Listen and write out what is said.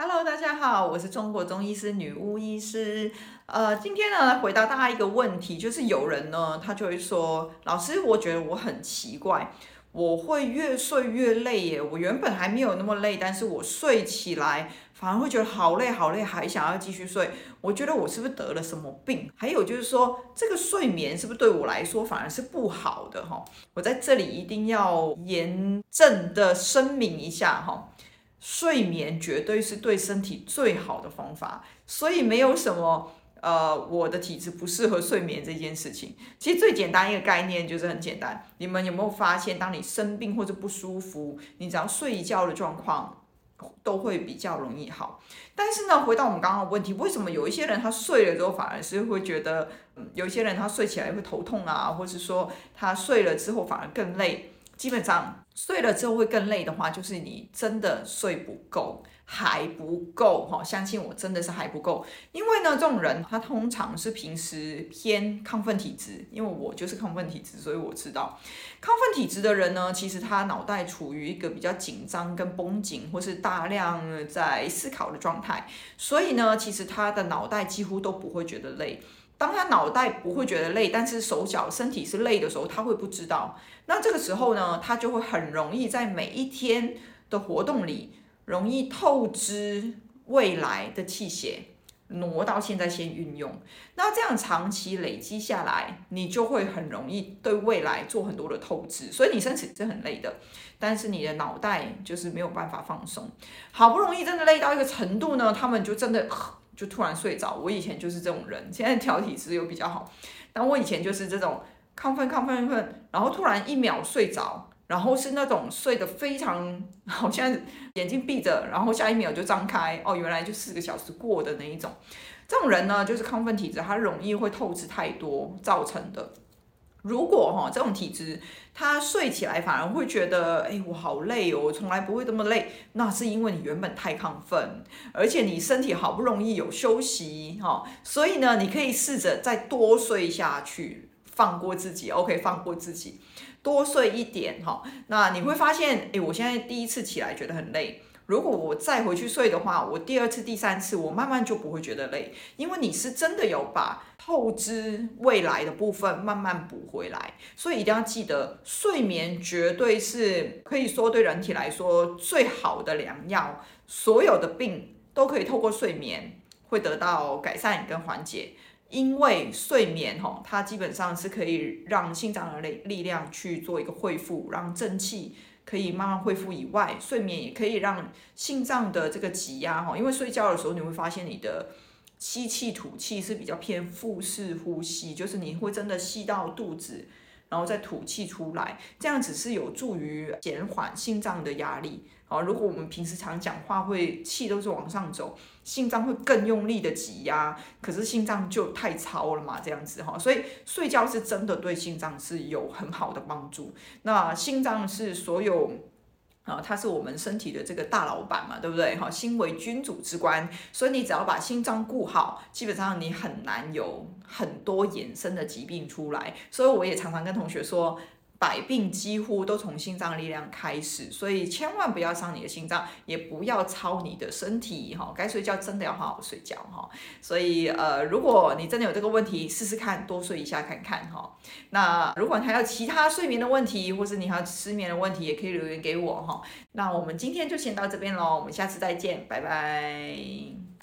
Hello，大家好，我是中國中醫師女巫醫師。呃，今天呢，來回答大家一個問題，就是有人呢，他就會說，老師，我覺得我很奇怪，我會越睡越累耶。我原本還沒有那麼累，但是我睡起來反而會覺得好累好累，還想要繼續睡。我覺得我是不是得了什麼病？還有就是說，這個睡眠是不是對我來說反而是不好的哈？我在這裡一定要嚴正的聲明一下哈。睡眠絕對是對身體最好的方法，所以沒有什麼呃，我的體質不適合睡眠這件事情。其實最簡單一個概念就是很簡單，你們有沒有發現，當你生病或者不舒服，你只要睡一覺的狀況都會比較容易好。但是呢，回到我們剛剛的問題，為什麼有一些人他睡了之後反而是會覺得，嗯，有一些人他睡起來會頭痛啊，或者是說他睡了之後反而更累？基本上睡了之後會更累的話，就是你真的睡不夠，還不夠哈。相信我，真的是還不夠。因為呢，這種人他通常是平時偏亢奮體質，因為我就是亢奮體質，所以我知道，亢奮體質的人呢，其實他腦袋處於一個比較緊張跟繃緊，或是大量在思考的狀態，所以呢，其實他的腦袋幾乎都不會覺得累。當他腦袋不會覺得累，但是手腳身體是累的時候，他會不知道。那這個時候呢，他就會很容易在每一天的活動裡，容易透支未來的氣血，挪到現在先運用。那這樣長期累積下來，你就會很容易對未來做很多的透支。所以你身體是很累的，但是你的腦袋就是沒有辦法放鬆。好不容易真的累到一個程度呢，他們就真的。就突然睡着，我以前就是這種人，現在調體質又比較好，但我以前就是這種亢奮亢奮亢奮，然後突然一秒睡着，然後是那種睡得非常好像眼睛閉着，然後下一秒就張開，哦，原來就四個小時過的那一種。這種人呢，就是亢奮體質，他容易會透支太多造成的。如果哈、哦、這種體質，他睡起來反而會覺得，哎、欸，我好累哦，我從來不會這麼累。那是因為你原本太亢奮，而且你身體好不容易有休息哈、哦，所以呢，你可以試着再多睡一下去，放過自己，OK，放過自己，多睡一點哈、哦。那你會發現，哎、欸，我現在第一次起來覺得很累。如果我再回去睡的話，我第二次、第三次，我慢慢就不會覺得累，因為你是真的有把透支未來的部分慢慢補回來。所以一定要記得，睡眠絕對是可以說對人體來說最好的良藥，所有的病都可以透過睡眠會得到改善跟緩解，因為睡眠吼、哦，它基本上是可以讓心臟的力力量去做一個恢復，讓正氣。可以慢慢恢復以外，睡眠，也可以讓心臟的這個擠壓哈，因為睡覺的時候你會發現你的吸氣吐氣是比較偏腹式呼吸，就是你會真的吸到肚子。然後再吐氣出來，這樣子是有助於減緩心臟的壓力。好，如果我們平時常講話，會氣都是往上走，心臟會更用力的擠壓，可是心臟就太操了嘛，這樣子哈。所以睡覺是真的對心臟是有很好的幫助。那心臟是所有。啊、哦，他是我們身體的這個大老闆嘛，對不對？哈、哦，心為君主之官，所以你只要把心臟顧好，基本上你很難有很多衍生的疾病出來。所以我也常常跟同學說。百病幾乎都從心臟力量開始，所以千萬不要傷你的心臟，也不要操你的身體哈。該睡覺真的要好好睡覺哈。所以呃，如果你真的有這個問題，試試看多睡一下看看哈。那如果你還有其他睡眠的問題，或是你還有失眠的問題，也可以留言給我哈。那我們今天就先到這邊嘍，我們下次再見，拜拜。